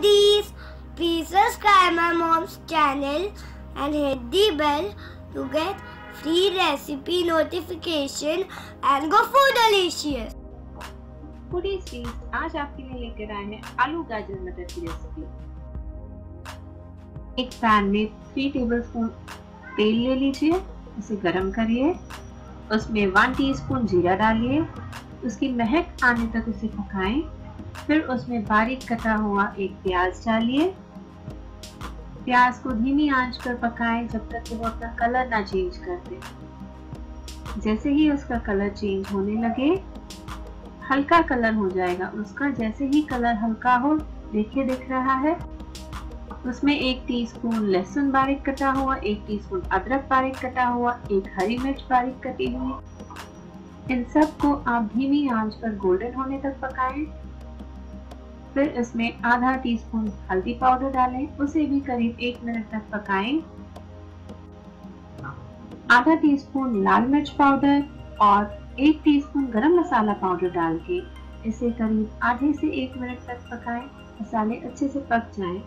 do Please subscribe my mom's channel and hit the bell to get free recipe notification and go food delicious. Foodies sweet आज आपके लिए लेकर आए हैं आलू गाजर मटर की रेसिपी एक पैन में थ्री टेबलस्पून तेल ले लीजिए इसे गरम करिए उसमें वन टीस्पून जीरा डालिए उसकी महक आने तक उसे पकाएं फिर उसमें बारीक कटा हुआ एक प्याज डालिए प्याज को धीमी आंच पर पकाएं जब तक कि वो अपना कलर ना चेंज कर दे जैसे ही उसका कलर चेंज होने लगे हल्का कलर हो जाएगा उसका जैसे ही कलर हल्का हो देखिए दिख रहा है उसमें एक टीस्पून लहसुन बारीक कटा हुआ एक टीस्पून अदरक बारीक कटा हुआ एक हरी मिर्च बारीक कटी हुई इन सब को आप धीमी आंच पर गोल्डन होने तक पकाएं फिर इसमें आधा टीस्पून हल्दी पाउडर डालें उसे भी करीब एक मिनट तक पकाएं। आधा टीस्पून लाल मिर्च पाउडर और एक टीस्पून गरम मसाला पाउडर डाल के इसे करीब आधे से एक मिनट तक पकाएं मसाले अच्छे से पक जाए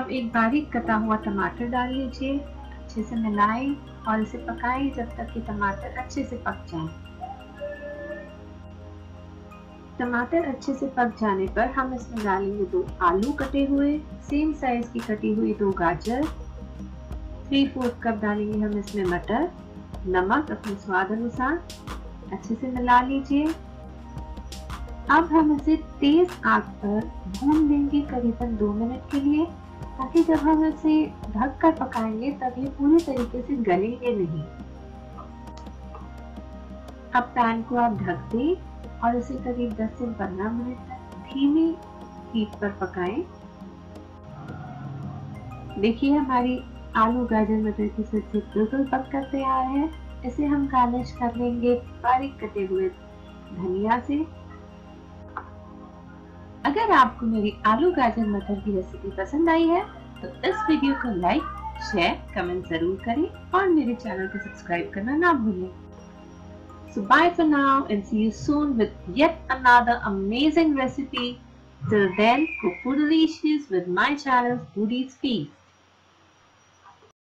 अब एक बारीक कटा हुआ टमाटर डाल लीजिए अच्छे से मिलाएं और इसे पकाएं जब तक कि टमाटर अच्छे से पक जाए टमाटर अच्छे से पक जाने पर हम इसमें डालेंगे दो आलू कटे हुए सेम साइज की कटी हुई दो गाजर थ्री फोर्थ कप डालेंगे हम इसमें मटर नमक अपने स्वाद अनुसार अच्छे से मिला लीजिए अब हम इसे तेज आग पर भून लेंगे करीबन दो मिनट के लिए ताकि जब हम इसे ढक कर पकाएंगे तब ये पूरी तरीके से गलेंगे नहीं अब पैन को आप ढक दें और इसे करीब 10 से 15 मिनट तक धीमी हीट पर पकाएं। देखिए हमारी आलू गाजर मटर की सब्जी बिल्कुल कर तैयार है इसे हम गार्निश कर लेंगे बारीक कटे हुए धनिया से अगर आपको मेरी आलू गाजर मटर की रेसिपी पसंद आई है तो इस वीडियो को लाइक शेयर कमेंट जरूर करें और मेरे चैनल को सब्सक्राइब करना ना भूलें So bye for now and see you soon with yet another amazing recipe. Till then, cook food delicious with my channel Foodie's Feast.